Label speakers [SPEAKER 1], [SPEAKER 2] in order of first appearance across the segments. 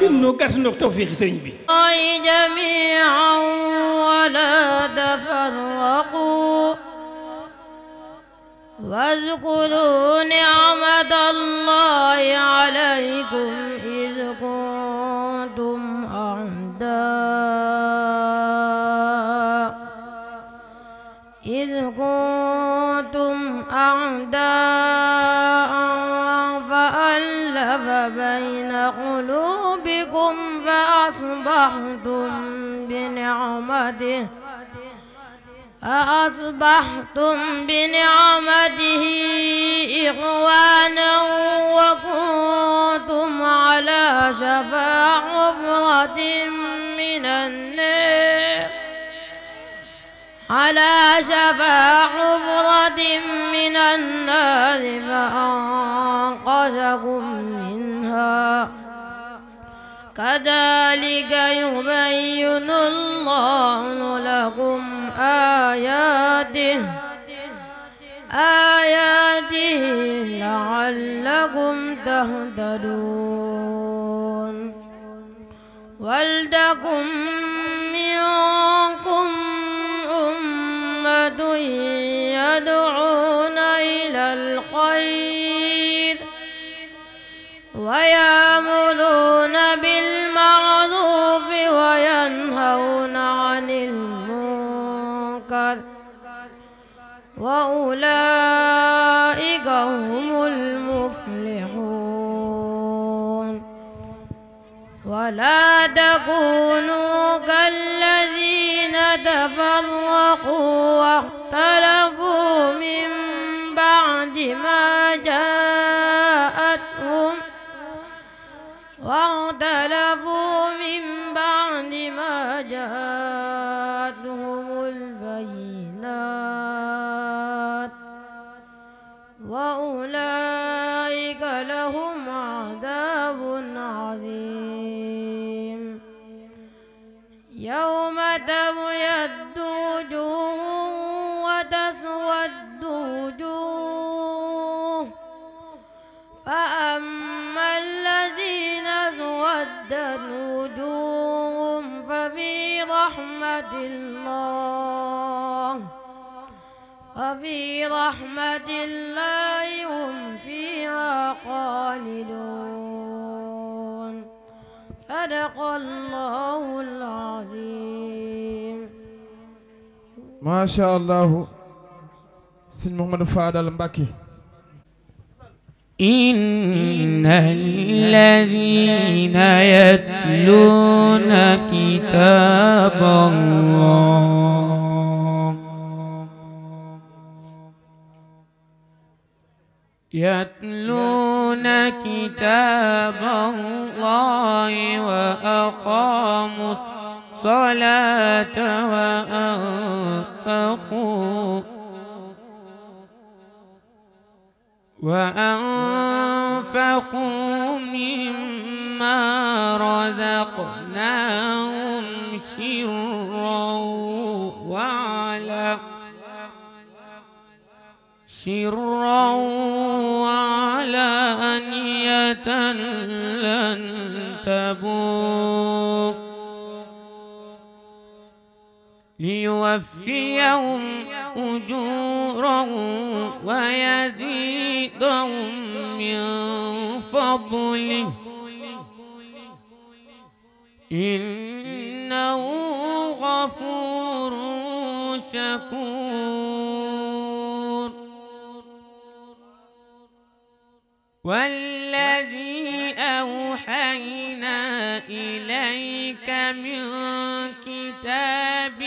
[SPEAKER 1] gën noo gàtt noo tawféexi sëriñ bi
[SPEAKER 2] ay jamii'an wa laa tafarraquu wazkuruu ni'matallaahi alaykum iz kuntum a'daa iz kuntum a'daa فألف بين قلوبكم ربكم فأصبحتم بنعمته فأصبحتم بنعمته إخوانا وكنتم على شفا حفرة من النار على شفا حفرة من النار فأنقذكم منها كذلك يبين الله لكم آياته آياته لعلكم تهتدون ولتكن منكم أمة يدعون إلى الخير ويأمرون به وأولئك هم المفلحون ولا تكونوا كالذين تفرقوا واختلفوا من بعد ما جاءتهم واختلفوا من بعد ما جاءتهم وأولئك لهم عذاب عظيم يوم تبيض وجوه وتسود وجوه فأما الذين اسودت وجوههم ففي رحمة الله وفي رحمة الله خالدون صدق الله العظيم
[SPEAKER 3] ما شاء الله سيد محمد
[SPEAKER 4] فادل مبكي إن الذين يتلون كتاب الله يتلون يتلون كتاب الله وأقاموا الصلاة وأنفقوا وأنفقوا مما رزقناهم سرا وعلا سرا وعلا تبوك ليوفيهم أجورهم ويزيدهم من فضله إنه غفور شكور والذي أوحينا إليك من كتاب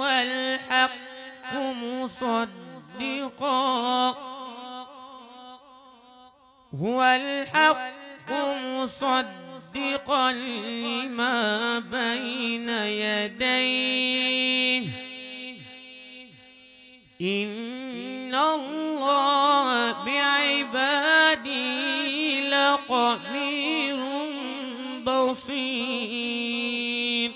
[SPEAKER 4] والحق مصدقا هو الحق مصدقا لما بين يديه إن الله بعباده خبير بصير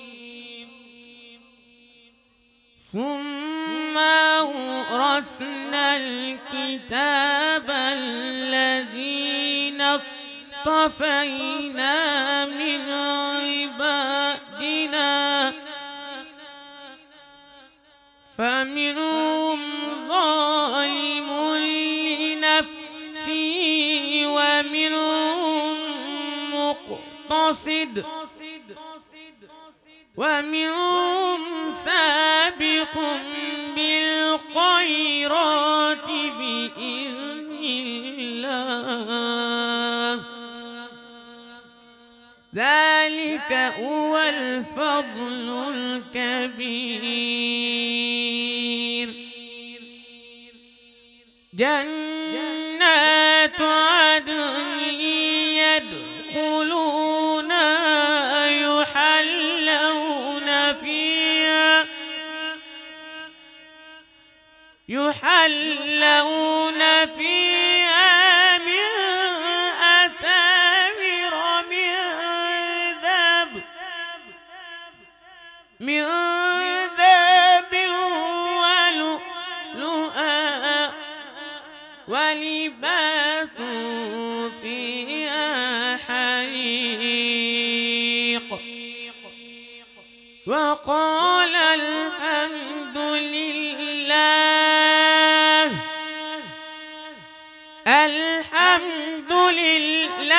[SPEAKER 4] ثم أورثنا الكتاب الذين اصطفينا من عبادنا فمنهم ظالم لنفسه ومنهم قصد ومنهم سابق بالخيرات بإذن الله ذلك هو الفضل الكبير جنة يحلون فيها من أساور من ذهب من ذهب ولؤلؤا ولباس فيها حريق وقال الحمد لله الحمد لله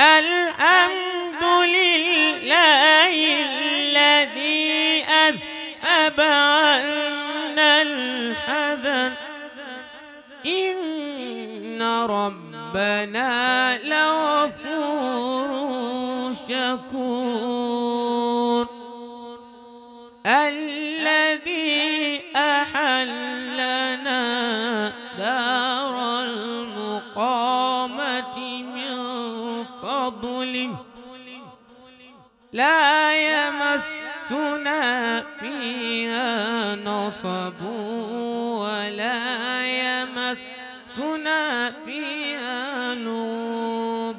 [SPEAKER 4] الحمد لله الذي أذهب عنا الحزن إن ربنا لغفور شكور لا يمسنا فيها نصب ولا يمسنا فيها لوب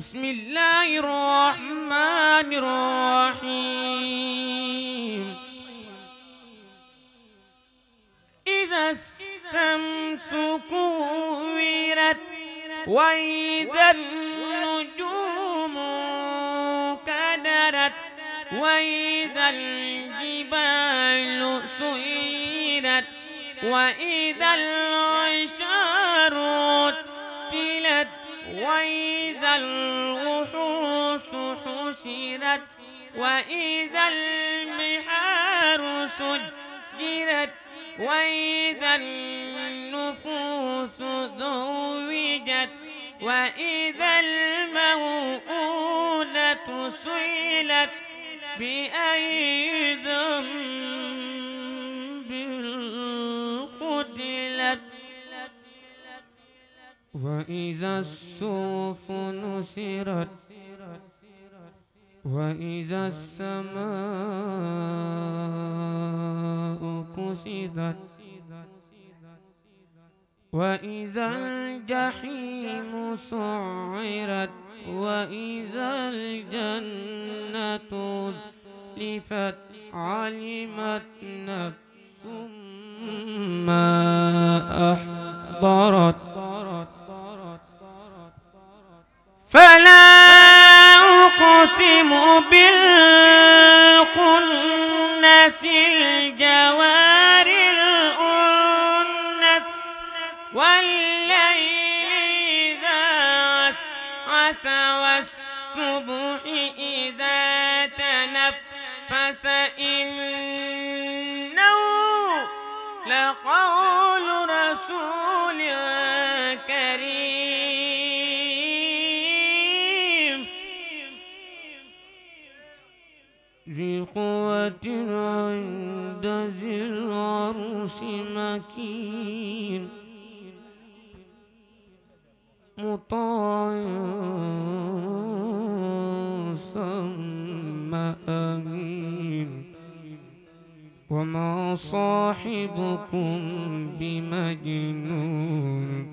[SPEAKER 4] بسم الله الرحمن الرحيم إذا الشمس كورت وإذا النجوم وإذا الجبال سيرت وإذا العشار تلت وإذا الوحوش حشرت وإذا البحار سجرت وإذا النفوس زوجت وإذا الموءودة سئلت بأي ذنب قتلت وإذا الصوف نسرت وإذا السماء كسدت وإذا الجحيم سعرت وإذا الجنة لفت علمت نفس ما أحضرت فلا أقسم بالقنس الجوار الأنس والليل إذا عسى والصبح إذا تنفس إنه لقول رسول كريم ذي قوة عند ذي العرش مكين مطاع وما صاحبكم بمجنون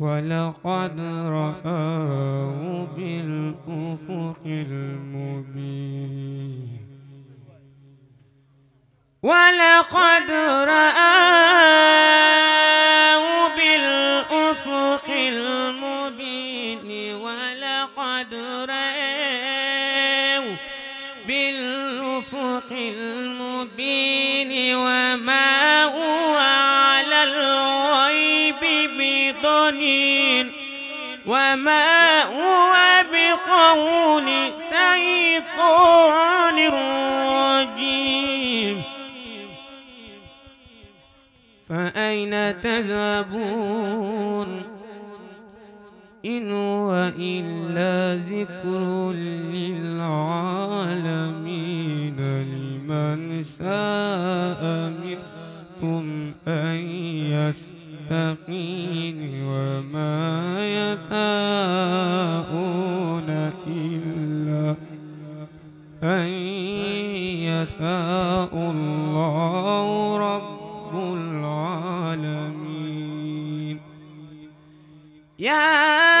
[SPEAKER 4] ولقد رآه بالأفق المبين ولقد رآه بالأفق المبين ولقد رآه بالأفق المبين وما هو على الغيب بضنين وما هو بقول شيطان رجيم فأين تذهبون إن هو إلا ذكر للعالمين لمن شاء منكم أن يستقيم وما يشاءون إلا أن يشاء الله رب العالمين يا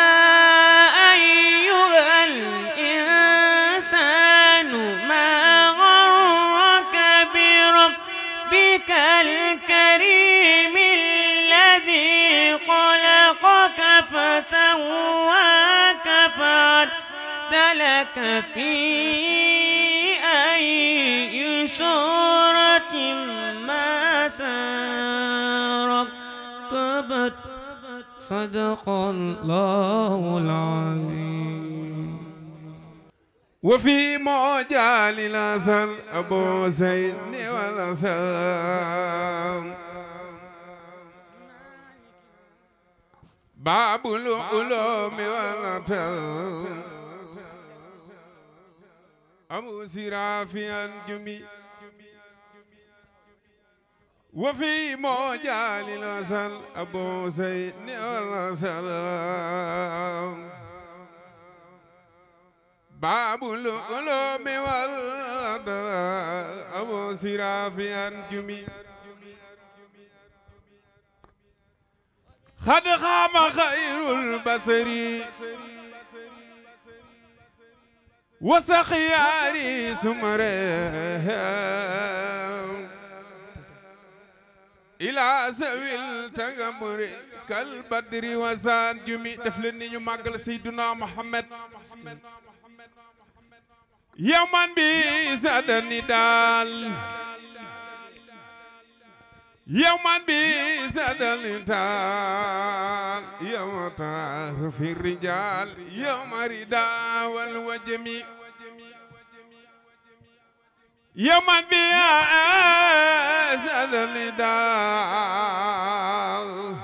[SPEAKER 4] فسواك فعدلك في أي سورة ما سارك كبت صدق الله العظيم
[SPEAKER 3] وفي معجال الأسر أبو زيد والأسلام باب العلوم والعطل أبو سرافي أنجمي وفي موجال الأسل أبو سيد الأسل باب العلوم والعطل أبو سرافي أنجمي xad xaama xayrul basari wa saxiyaari sumare ila sawil tangamuri kal badri wa san jumi def leen ni ñu màggal sayduna muhammad yaman bi sadani daal يوما بزدل تال يوم تعرف الرجال يوم رداء والوجم يوما بزدل تال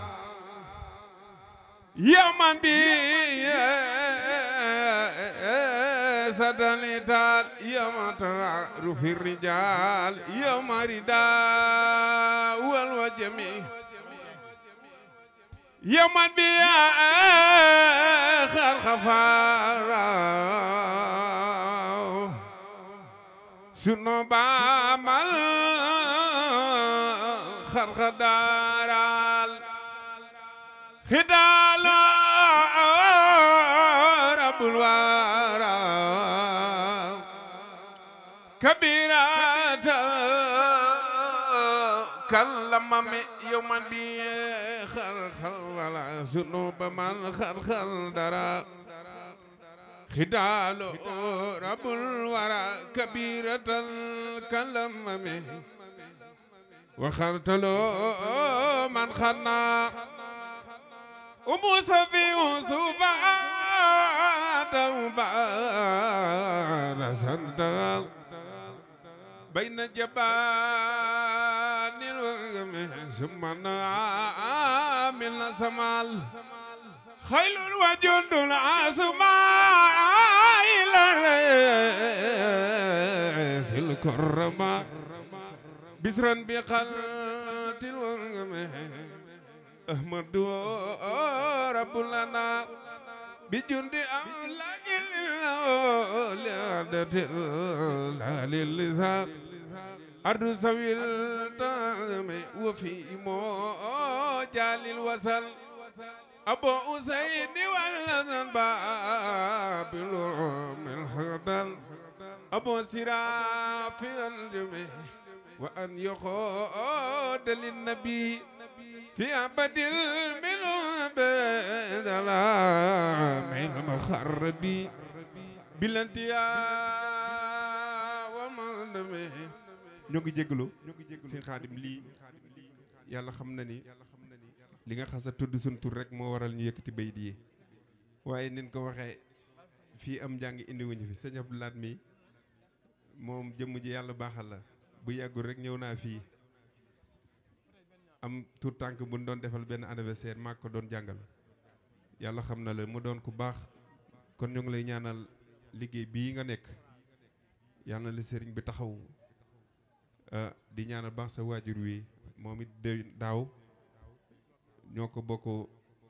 [SPEAKER 3] يوما بزدل sadani taal yamata rufi rijal yamarida wal wajmi yaman biya xarxafara suno baamal xarxadaral xida تمم يوما بي خرخر ولا ذنوب من خرخر درا خدال رب الورى كبيرة كلمم وخرت له من خنا وموسى في وصوفا توبا سندال بين جبال سمن عامل سمال خيل وجند العاصماء إلى الرئيس الكرماء بسرا بقلت الوهم أحمد رب لنا بجند أملاك الأولاد لا للسان أرض سوي الدم وفي موجال الوصل أبو أسيد والذن باب العم الحدل أبو سراف الجمع وأن يقود للنبي في عبد من عبد من المخربي بالانتياء والمندمي ñoo ngi jégalu sëñ Xaadim lii yàlla xam na ni
[SPEAKER 1] li nga xasa tudd suñ tur rek moo
[SPEAKER 3] waral ñu yëkkati bay di waaye nin ko waxee fii am njàng indiwuñu fi sëñ Abdou Lahad mi moom jëmm ji yàlla baaxal la bu yàggul rek ñëw naa fii am tur tànk bu ñu doon defal benn anniversaire maa ko doon jàngal yàlla xam na la mu doon ku baax kon ñoo ngi lay ñaanal liggéey bii nga nekk yàlla na la sëriñ bi taxawu Ah, di ñaanal baax sa waajur wi moom it daaw ñoo ko bokk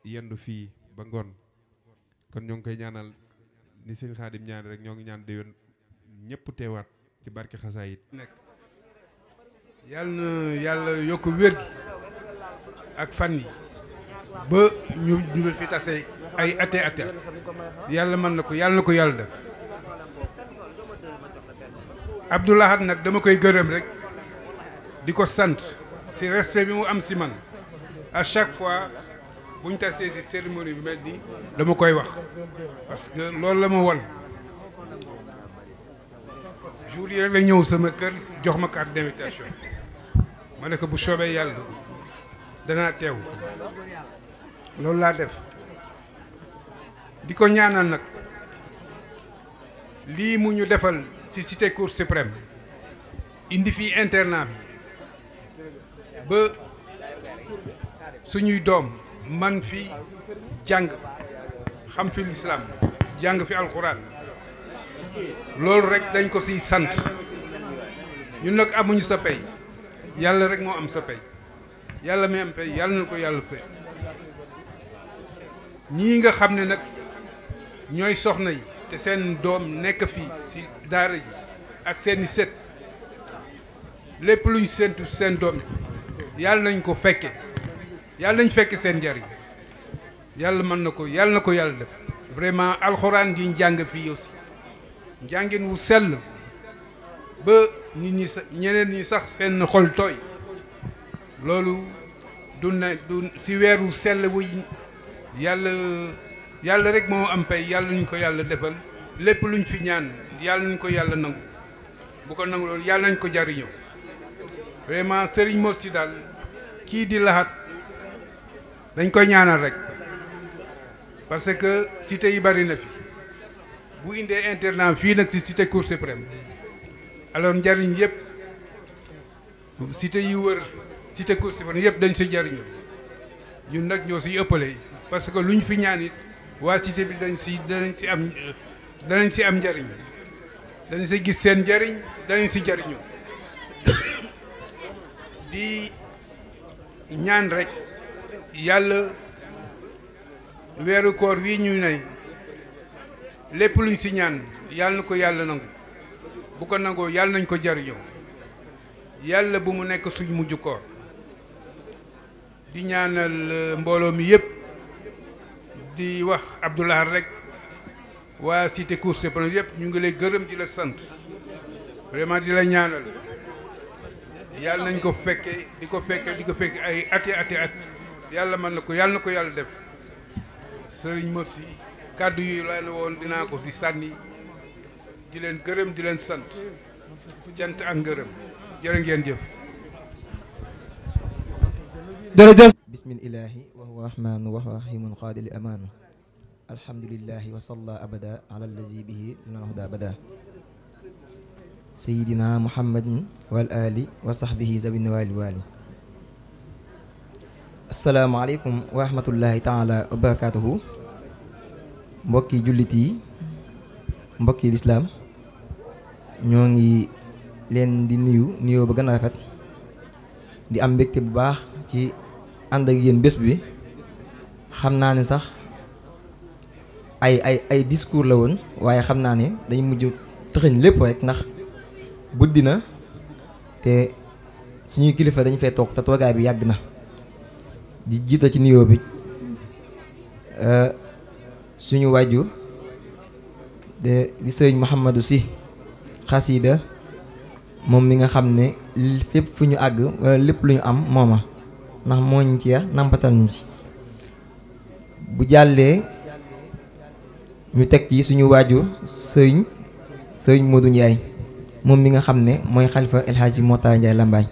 [SPEAKER 3] yendu fii ba ngoon kon ñoo ngi koy ñaanal ni sëñ xaadim ñaan rek ñoo ngi ñaan déwén ñëpp teewaat ci barke xasaayit
[SPEAKER 5] nekk yàlla na yàlla yokk wér gi ak fan yi ba ñu ñu fi tase ay ate ate yàlla mën na ko yàlla na ko yàlla def Abdoulahat nag dama koy gërëm rek di ko sant si respect bi mu am si man a chaque fois buñ ñu tasee si cérémonie bi mel nii dama koy wax parce que loolu la ma won jour yi rek la ñëw sama kër jox ma carte d'invitation ma ne ko bu soobee yàlla danaa teew loolu laa def di ko ñaanal nag lii mu ñu defal ci cité cour suprême indi fii internat bi ba suñuy doom man fi jàng xam fi lislaam jàng fi alxuraan loolu rek dañ ko ci sant ñun nag amuñu sa pay yàlla rek moo am sa pay yàlla mi am pay yàlla na ko yàlla fay ñii nga xam ne nag ñooy soxna yi te seen doom nekk fii si daara ji ak seeni set lépp luñ séntu seen doom yi yàlla nañ ko fekke yàlla nañ fekke seen jariñ yàlla mën na ko yàlla na ko yàlla def vraiment alxuraan di njàng fii aussi njàngin wu sell ba nit ñi sa ñeneen ñi sax seen xol tooy loolu du na du si weeru sell wu yàlla yàlla rek moo am pay yàlla nañ ko yàlla defal lépp luñ fi ñaan yàlla nañ ko yàlla nangu bu ko nangu loolu yàlla nañ ko jariñoo vraiment sëriñ Mor Sy daal kii di laxat dañ koy ñaanal rek parce que cité yi bari na fi bu indee internat fii nag ci cité cour suprême alors njariñ yépp site yi wër cité cour suprême yëpp dañ si jariñu ñun nag ñoo si ëppale parce que lu luñ fi ñaan it waa cité bi dañ si danañ si am danañ si am njariñ dañ si gis seen njariñ danañ si jariñu di ñaan rek yàlla weeru koor wii ñu ne lépp luñ si ñaan yàlla na ko yàlla nangu bu ko nangoo yàlla nañ ko jariñoo yàlla bu mu nekk suñ mujj koor di ñaanal euh, mbooloo mi yëpp di wax Abdoulaye rek waa cité course yëpp ñu ngi lay gërëm di la sant vraiment di la ñaanal yàlla nañ ko fekke di ko fekke di ko fekke ay ati ati at yàlla mën na ko yàlla na ko yàlla def sëriñ Mor si kàddu yi laa ne woon dinaa ko si sànni di leen gërëm di leen sant cant ak ngërëm jërë ngeen jëf
[SPEAKER 6] jërëjëf bismillahi wa huwa rahmanu wa rahimun qaadil amaanu alhamdulillahi wa salla abada ala allazi bihi lana huda abada sayidina muhammadin wal ali wa sahbihi zabin wali wali asalaamaaleykum wa rahmatullahi taala wa barakatuhu mbokki jullit yi mbokki lislaam ñoo ngi leen di nuyu nuyoo ba gën a rafet di am mbégte bu baax ci ànd ak yéen bés bi xam naa ne sax ay ay ay discours la woon waaye xam naa ne dañ mujj tëxëñ lépp rek ndax guddi na te suñuy kilifa dañu fee toog te toogaay bi yàgg na di jiita ci nuyoo bi euh, suñu waaju de di sëriñ Mouhamadou Sy xasida moom mi nga xam ne fépp fu ñu àgg wala lépp lu ñu am mooma ndax mooñ ci yar nàmpatal ñu bu jàllee ñu teg ci suñu waajur sëriñ sëriñ Modou Ndiaye moom mi nga xam ne mooy xalifa El Hadji Mota la Lambaay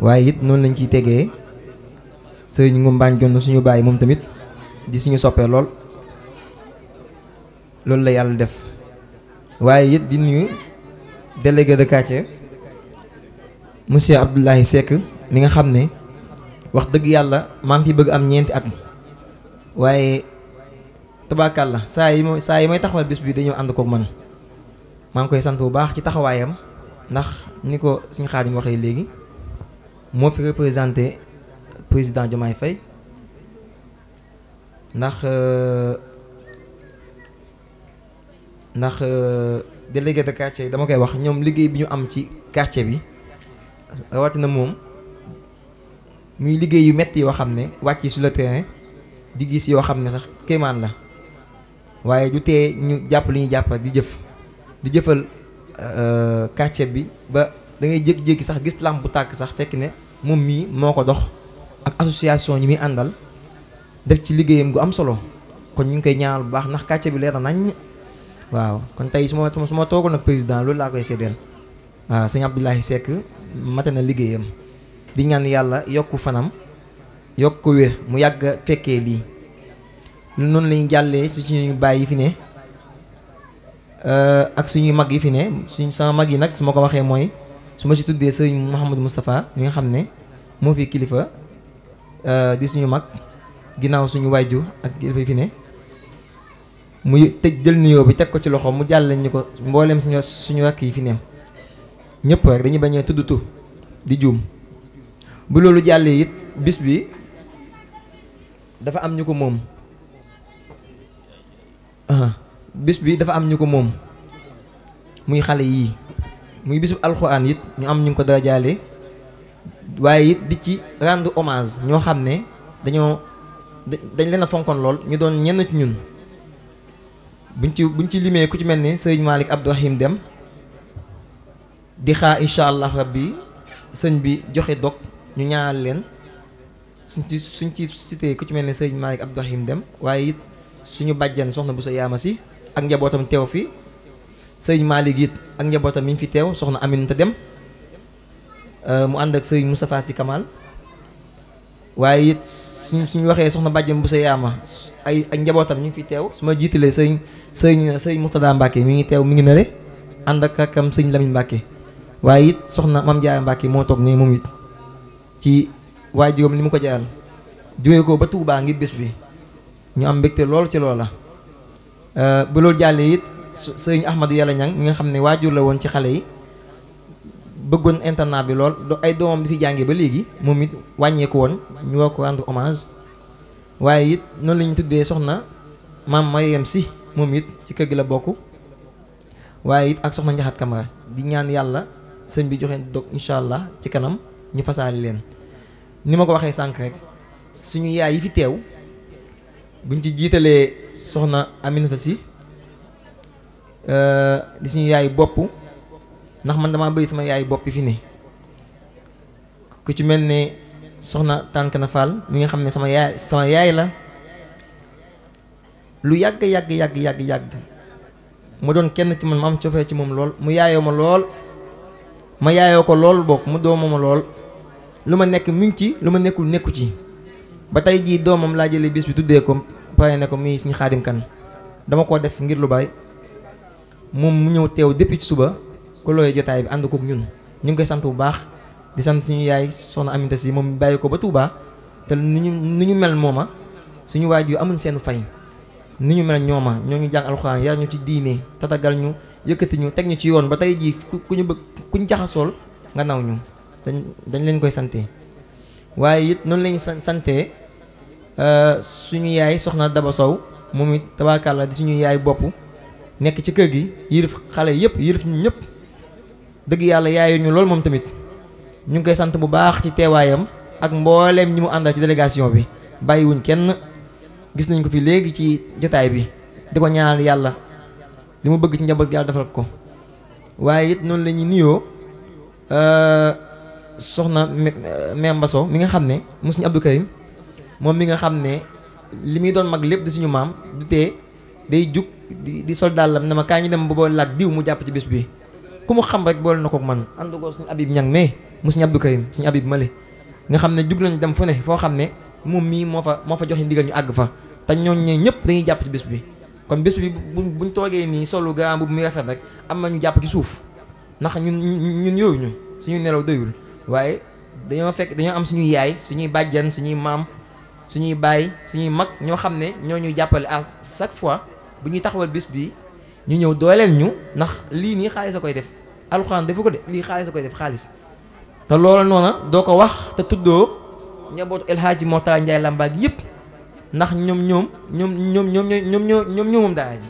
[SPEAKER 6] waaye it noonu lañ ciy tegee sëñ Ngombaan Jonn suñu bàyyi moom tamit di suñu soppee lool loolu la yàlla def waaye it di nuyu délégué de quartier monsieur Abdoulaye Seck mi nga xam ne wax dëgg yàlla maa ngi fi bëgg am ñeenti at waaye la saa yi mooy saa yi mooy taxawal bis bi dañoo ànd kook man maa ngi koy sant bu baax ci taxawaayam ndax ni ko suñu Xaadim waxee léegi moo fi représenté président Diomaye fay ndax euh, ndax euh, délégué de yi dama koy wax ñoom liggéey bi ñu am ci quartier bi na moom muy liggéey yu metti yoo xam ne wàcc sur le terrain di gis yoo xam ne sax kéemaan la waaye du tee ñu jàpp li ñuy jàpp di jëf di jëfal euh, quartier bi ba dangay ngay jékki sax gis làmp bu tàkk sax fekk ne moom mii moo ko dox ak association ñi muy àndal def ci liggéeyam gu am solo kon ñu ngi koy ñaanal bu baax ndax kàcce bi leer nañ waaw kon tey su ma su ma toogoon ak président loolu laa koy seddeel waaw sëñ Abdoulaye Seck mate na liggéeyam di ñaan yàlla yokku fanam yokk ko wér mu yàgg fekkee lii noonu lañu jàllee su ci ñu bàyyi fi ne Euh, ak suñuy mag yi fi ne suñ sama mag yi nag su ma ko waxee mooy su ma ci tuddee sëriñ Mouhamadou Moustapha ñi nga xam ne moo fi kilifa euh, di suñu mag ginnaaw suñu waajur ak kilifa yi fi ne muy tëj jël nuyoo bi teg ko ci loxo mu jàll ñu ko mboolem suñu rakk yi fi ne ñëpp rek dañuy bañee tudd tur di juum bu loolu jàllee it bis bi dafa am ñu ko moom. bis bi dafa am ñu ko moom muy xale yii muy bisu alxuraan it ñu am ñu ko darajaale waaye it di ci rendre hommage ñoo xam ne dañoo dañ leen a fonkoon lool ñu doon ñenn ci ñun buñ ci buñ ci limee ku ci mel ni sëriñ Malick Abdourahim Dem di xaar incha allah rabbi sëñ bi joxe dog ñu ñaanal leen suñ suñ ci cité ku ci mel ni sëriñ Malick Abdourahim Dem waaye it suñu bàjjan soxna bu sa yaama si ak njabootam teew fii sëriñ Malick it ak njabootam mi ngi fi teew soxna Aminata Dem euh, mu ànd ak sëriñ Moustapha Sy Kamal waaye it suñ suñu waxee soxna bàjjam bu sa yaama ay ak njabootam ñu ngi fi teew su ma jiitalee sëriñ sëriñ sëriñ Mourtada Mbacke mi ngi teew mi ngi nële ànd ak akam sëriñ Lamine Mbacke waaye it soxna Mame Diarra Mbacke moo toog ne moom it ci waaye juróom li mu ko jaral jóge ko ba Touba ngir bés bi ñu am mbégte lool ci loola Euh, bu loolu jàllee it sëriñ Ahmadou Yàlla ñang mi nga xam ne waajur la woon ci xale yi bëggoon internat bi lool ay doomam di fi jàngee ba léegi moom it wàññeeku woon ñu war ko rendre hommage waaye it noonu la tuddee soxna maam Mariam si moom it ci kër gi la bokk waaye it ak soxna Njaxat Kamara di ñaan yàlla sëñ bi joxe dog incha allah ci kanam ñu fasaali leen ni ma ko waxee sànq rek suñu yaay yi fi teew buñ ci jiitalee soxna Aminata si euh, di suñu yaay bopp ndax man damaa bëri sama yaay bopp fi ne ku ci mel ne soxna tànk na Fall mi nga xam ne sama yaay sama yaay la lu yàgg yàgg yàgg yàgg yàgg mu doon kenn ci man ma am cofee ci moom lool mu yaayoo ma lool ma yaayoo ko lool bokk mu doomoo lool lu ma nekk mi ci lu ma nekkul nekku ci ba tey jii doomam laa jëlee bis bi tuddee ko pare ne ko muy suñu xaadim kan dama koo def ngir lu bari moom mu ñëw teew depuis ci suba ko looyee jotaay bi ànd kook ñun ñu ngi koy sant bu baax di sant suñu yaay soxna Aminta si moom bàyyi ko ba Touba te ni ñu ni ñu mel mooma suñu waajur amuñ seen fay ni ñu mel ñooma ñoo ñu jàng alxuraan yar ñu ci diine tatagal ñu yëkkati ñu teg ñu ci yoon ba tey jii ku ñu bëgg ku ñu jaxasool nga naw ñu dañ dañ leen koy sante waaye it noonu lañu sante Euh, suñu yaay soxna Daba Sow moom it tabaakàlla di suñu yaay bopp nekk ci kër gi yërëf xale yëpp yërëf ñu ñëpp dëgg yàlla yaayu ñu lool moom tamit ñu ngi koy sant bu baax ci teewaayam ak mbooleem ñi mu àndal ci délégation bi bàyyiwuñ kenn gis nañ ko fi léegi ci jataay bi di ko ñaanal yàlla li mu bëgg ci njaboot yàlla defal ko waaye it noonu la ñuy nuyoo euh, soxna Mame Mbasso mi nga xam ne mu suñu Abdou Karim moom mi nga xam ne li muy doon mag lépp suñu maam day jug di di soldaalam na ma kaa ñu dem ba boole diw mu jàpp ci bis bi ku xam rek boole na kook man ànd ko suñu Abib ñang mais mu suñu Abdou Karim suñu Abib Male nga xam ne jug nañ dem fu ne foo xam ne moom mii moo fa moo fa joxe ndigal ñu àgg fa te ñooñu ñëpp dañuy jàpp ci bis bi kon bés bi bu buñ toogee nii solu gaa bu muy rafet rek am na ñu jàpp ci suuf ndax ñun ñun yooyu ñu suñu nelaw doyul waaye dañoo fekk dañoo am suñuy yaay suñuy bàjjan suñuy maam suñuy bàyyi suñuy mag ñoo xam ne ñoo ñuy jàppale à chaque fois bu ñuy taxawal bis bi ñu ñëw dooleel ñu ndax lii nii xaalis a koy def alxuraan defu ko de lii xaalis koy def xaalis te loolu noona doo ko wax te tuddoo njabootu El Hadji Mortala Ndiaye Lambaag yëpp ndax ñoom ñoom ñoom ñoom ñoom ñoom ñoo ñoom ñoomam daara ji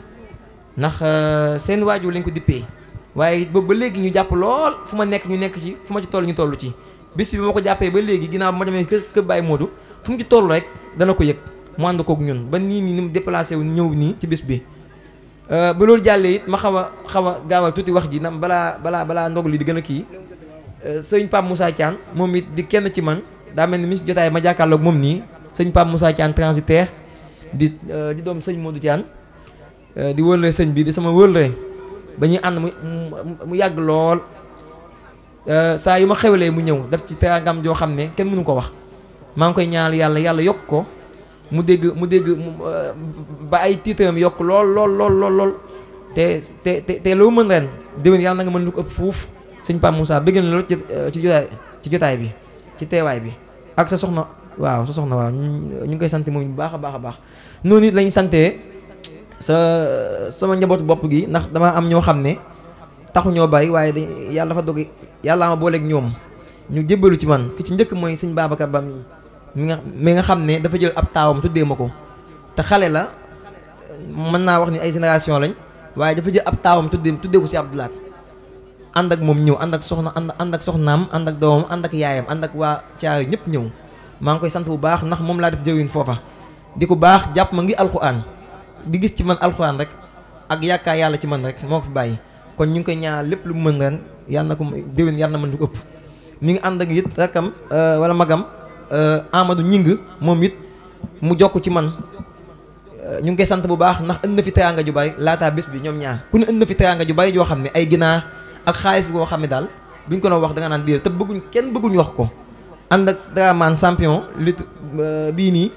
[SPEAKER 6] ndax euh, seen waajur lañ ko dippee waaye boobu ba léegi ñu jàpp lool fu ma nekk ñu nekk ci fu ma ci toll ñu toll ci bis bi moo ko jàppee ba léegi ginnaaw bu ma demee kër Baye Modou fu mu ci toll rek dana ko yëg mu ànd kook ñun ba nii nii ni mu déplacé wu ñëw nii ci bis bi euh, ba loolu jàllee it ma xaw a xaw a gaawal tuuti wax ji nam balaa balaa balaa ndog li di gën a kii euh, sëñ Pape Moussa Thian moom it di kenn ci man daa mel ni mi jotaay ma jàkkaarloog moom nii sëñ Pape Moussa Thian transitaire di euh, di doom sëñ Modou Thian di wëllee sëñ bi di sama wëllee ba ñuy ànd mu mu yàgg lool saa yu ma xewelee mu ñëw daf ci teraangam joo xam ne kenn mënu ko wax maa ngi koy ñaar yàlla yàlla yokk ko mu dégg mu dégg mu euh, ba ay tiitaram yokk lool lool lool lool lool te te te te loo mën ren déwén yàlla na nga mën na ko ëpp fuuf sëñ Pape Moussa bëgg na lool ci euh, ci jotaay ci jotaay bi ci teewaay bi ak sa soxna waaw sa soxna waaw ñu ngi koy sant moom bu baax a baax a baax noonu it lañ santee sa sama njabootu bopp gi ndax dama am ñoo xam ne taxuñoo bari waaye dañ yàlla dafa dog yàlla ma booleek ñoom ñu jébbalu ci man ki ci njëkk mooy sëñ Babacar Ba mi nga mi nga xam ne dafa jël ab taawam tuddee ma ko te xale la mën naa wax ni ay génération lañ waaye dafa jël ab taawam tuddee tuddee ko si Abdoulaat ànd ak moom ñëw ànd ak soxna ànd ànd ak soxnaam ànd ak doomam ànd ak yaayam ànd ak waa caayo ñëpp ñëw maa ngi koy sant bu baax ndax moom laa def jëwin foofa di ko baax jàpp ma ngi alxuraan di gis ci man alxuraan rek ak yaakaar yàlla ci man rek moo ko fi bàyyi kon ñu ngi koy ñaar lépp lu mu mën ren yàlla na ko déwén yàlla na mën du ko mi ngi ànd ak it rakam euh, wala magam Euh, amadu Ñing moom it mu jokk ci man euh, ñu ngi koy sant bu baax ndax ënd na fi teraanga ju bay laataa bis bi ñoom ñaar ku ne ënd na fi teraanga ju bay joo xam ne ay ginaar ak xaalis boo xam ne daal buñ ko doon wax danga nga naan biir te bëgguñ kenn bëgguñ wax ko ànd ak draman champion lit euh, bii nii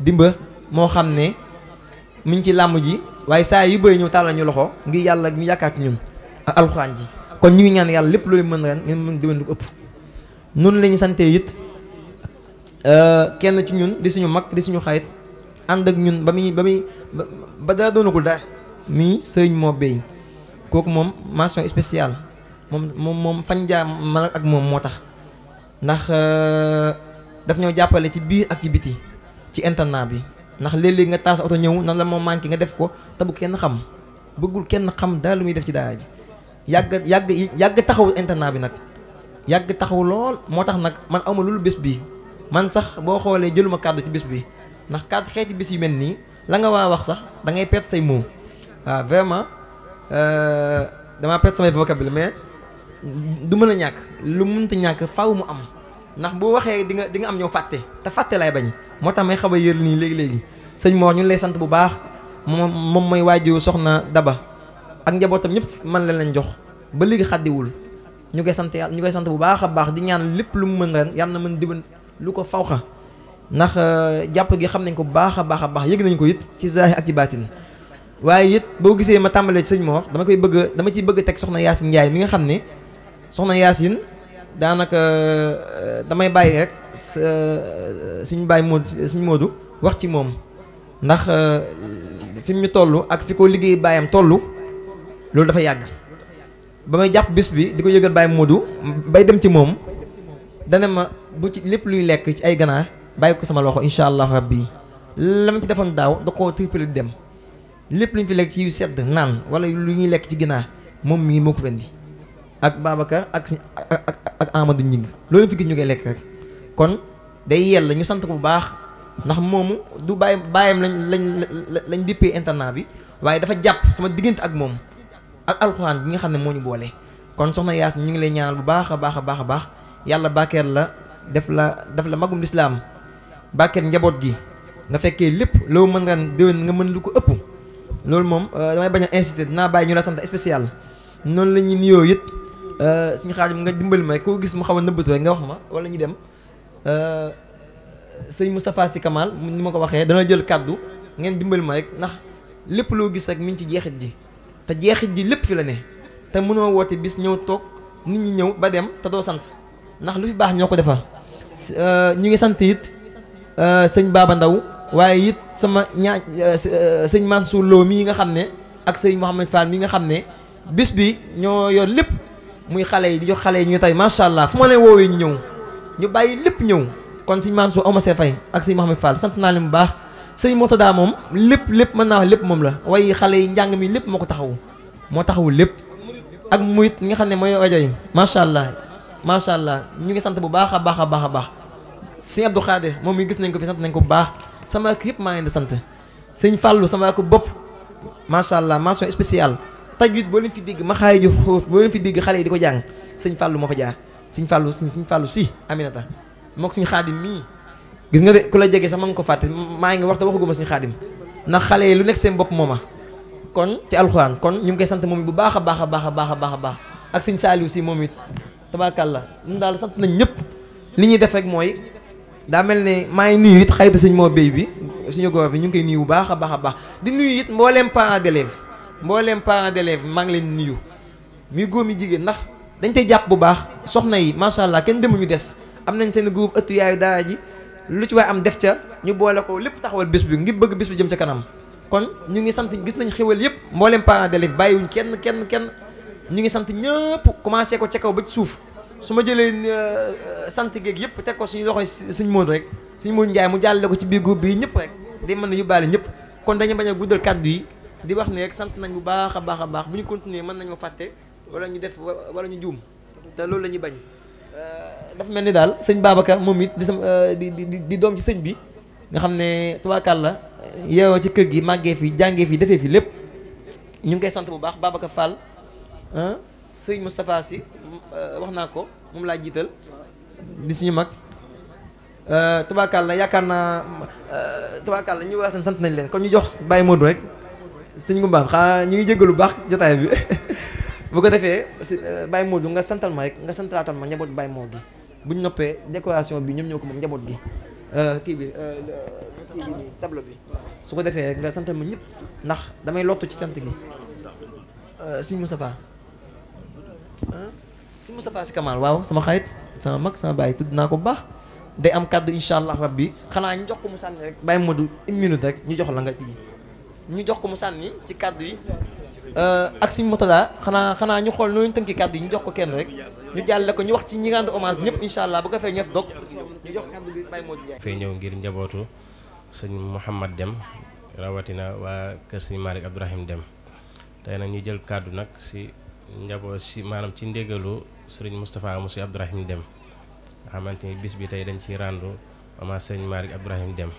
[SPEAKER 6] dimba moo xam ne mu ngi ci làmb ji waaye saa yi bay ñëw tàllal ñu loxo ngir yàlla ñu yaakaar ci ñun ak alxuraan ji kon ñu ngi ñaan yàlla lépp loolu mën ren ngeen mën diwén du ëpp noonu la ñu Euh, kenn ci ñun di suñu mag di suñu xarit ànd ak ñun ba muy ba muy ba daa doonagul daal nii sëñ moo béy kooku moom mention spécial moom moom moom fañ jaa mal ak moom moo tax ndax euh, daf ñoo jàppale ci biir ak ci ci internat bi ndax léeg nga taas oto ñëw nan la moo manqué nga def ko te bu kenn xam bëggul kenn xam daal lu muy def ci daara ji yàgg yàgg yàgg taxawu internat bi nag yàgg taxaw lool moo tax nag man awma bés bii man sax boo xoolee jëluma kàddu ci bis bi ndax kàddu xeeti bis yu mel nii la nga waa wax sax da ngay pet say moom waaw vraiment euh, damaa pet samay vocabulaire mais du mën a ñàkk lu mu mënta ñàkk faw mu am ndax boo waxee di nga di nga am ñoo fàtte te fàtte laay bañ moo tax may xaba yër nii léegi léegi sëñ Mor ñu lay sant bu baax moom moom mooy waajur soxna Daba ak njabootam ñëpp man la leen jox ba léegi xaddiwul ñu koy sant yàlla ñu koy sant bu baax a baax di ñaan lépp lu mu mën ren yàlla na mën diwén lu ko fawxa ndax euh, jàpp gi xam nañ ko baax a baax a baax yëg nañ ko it ci zaahir ak ci baatin waaye it boo gisee ma tàmbalee ci sëñ Mor dama koy bëgg dama ciy bëgg teg soxna Yaasin Njaay mi nga xam ne soxna Yaasin daanaka euh, damay bàyyi rek suñ euh, bàyyi Moodu suñ Moodu wax ci moom ndax fi mu ñu toll ak fi ko liggéey baayam tollu loolu dafa yàgg ba may jàpp bis bi di ko yëgal bàyyi Moodu bay dem ci moom dana ma bu ci lépp luy lekk ci ay ganaar bàyyi ko sama loxo incha allah rabbi la ma ci defoon daaw da koo triplé di dem lépp lu ñu fi lekk ci yu sedd naan wala lu ñuy lekk ci ganaar moom mii ngi moo ko fendi ak baabaka ak ak ak Amadou Ngingue loolu fi gis ñu koy lekk rek kon day yell ñu sant ko bu baax ndax moomu du bàyyi bàyyam lañ lañ lañ dippee internat bi waaye dafa jàpp sama diggante ak moom ak alxuraan bi nga xam ne moo ñu boole kon soxna Yaas ñu ngi lay ñaanal bu baax a baax a baax a baax. yàlla bàkkeer la def la def la magum lislaam bàkkeer njaboot gi nga fekkee lépp loo mën ren déwén nga mën lu ko ëpp loolu moom euh, damay bañ a incité dinaa bàyyi ñu la sant spécial noonu la ñuy nuyoo it euh, suñu xaajum nga dimbali ma koo gis mu xaw a nëbbatu rek nga wax ma wala ñu dem euh, sëñ Moustapha Sy Kamal ni ma ko waxee dana jël kàddu ngeen dimbali ma rek ndax lépp loo gis rek mi ngi ci jeexit ji te jeexit ji lépp fi la ne te mënoo woote bis ñëw toog nit ñi ñëw ba dem te doo sant ndax lu fi baax ñoo ko defar euh, ñu ngi sant it euh, sëñ Baba Ndaw waaye it sama ñaa euh, sëñ Mansour mi yi nga xam ne ak sëñ Mouhamed Fall mii nga xam ne bis bi ñoo yor lépp muy xale yi di jox xale yi ñu ngi tey macha allah fu ma leen woowee ñu ñëw ñu bàyyi lépp ñëw kon sëñ Mansour Oma see fay ak sëñ Mouhamed Fall sant naa leen bu baax sëñ Mourtada moom lépp lépp mën naa wax lépp moom la waaye xale yi njàng mi lépp moo ko taxaw moo taxawu lépp ak muyit nga xam ne mooy rajo yi macha allah. macha allah ñu ngi sant bu baax a baax a baax a baax sëñ Abdou Khadir moom mi gis nañ ko fi sant nañ ko bu baax sama ak yëpp maa ngi leen di sant sëñ Fallou sama ak bopp macha allah mention spéciale tajwid boo leen fi dégg maxaay ji xóof boo leen fi dégg xale yi di ko jàng sëñ Fallou moo fa jaar sëñ Fallou sëñ Fallou si Aminata mook sëñ Xaadim mii gis nga de ku la jege sax ma nga ko fàtte maa ngi wax te waxaguma sëñ Xaadim ndax xale yi lu nekk seen bopp mooma kon ci alxuraan kon ñu ngi koy sant moom bu baax a baax a baax a baax a baax ak sëñ Saliou si moom it tabaarakàlla ñun daal sant nañ ñëpp li ñuy def rek mooy daa mel ne maa ngi nuyu it xaytu suñ moo béy bi suñu góor bi ñu ngi koy nii bu baax a baax a baax di nuyu it mbooleem parents d'élèves mbooleem parents d'élèves maa ngi leen nuyu muy góor mi jigéen ndax dañ tey jàpp bu baax soxna yi macha allah kenn ñu des am nañ seen groupe ëttu yaayu daa ji lu ci waay am def ca ñu boole ko lépp taxawal bis bi ngir bëgg bis bi jëm ca kanam kon ñu ngi sant gis nañ xéwal yëpp mbooleem parents d'élèves bàyyiwuñ kenn kenn kenn ñu ngi sant ñëpp commencé ko ci kaw ba ci suuf su ma jëlee euh, euh, sant geeg yëpp teg ko suñu loxo suñ Modou rek suñ Modou Ndiaye mu jàllale ko ci biir groupe bi ñëpp rek day mën a yóbbaale ñëpp kon dañu bañ a guddal kàddu yi di wax ne rek sant nañ bu baax a baax a baax bu ñu continuer mën nañu fàtte wala ñu def wala ñu juum te loolu la ñuy bañ euh, dafa mel ni daal sëñ baabaka moom it di sama di di di doom ci sëñ bi nga xam ne la yeewoo ci kër gi màggee fi jàngee fi defee fi lépp ñu ngi koy sant bu baax Babacar Fall sëñ Moustapha Sy euh, wax naa ko moom laa jiital di suñu mag euh, tubaakàlla yaakaar naa euh, tubaakàlla ñu waa seen sant nañ leen kon ñu jox bàyyi Modou rek sëñ Gumbaan xaa ñu ngi lu baax jotaay bi bu ko defee bàyyi Modou nga santal ma rek nga santalaatal ma njaboot bàyyi Modou gi bu ñu noppee décoration bi ñoom ñoo ko moom njaboot gi kii bi kii bi bi su ko defee nga santal ma ñëpp ndax damay lottu ci sant gi sëñ Moustapha si Moustapha Sy Kamal waaw sama xarit sama mag sama bàyyi tudd naa ko baax day am kàddu incha allah bi xanaa ñu jox ko mu sànni rek bàyyi Modou une rek ñu jox la nga ñu jox ko mu sànni ci kàddu yi euh, ak si motoda xanaa xanaa ñu xool nooñu tënki kàddu yi ñu jox ko kenn rek ñu jàlle ko ñu wax ci ñi rendre hommage ñëpp incha allah bu ko fee ñëf dog fee
[SPEAKER 7] ñëw ngir njabootu sëñ Mouhamad Dem rawatina waa kër sëñ Malick Abdourahim Dem tey nag ñu jël kàddu nag si njaboot si maanaam ci ndégalu sëriñ Moustapha Moussa Abdourahim Dem nga xamante ni bis bi tey dañ ciy rendu ama sëriñ Malick Abdourahim Dem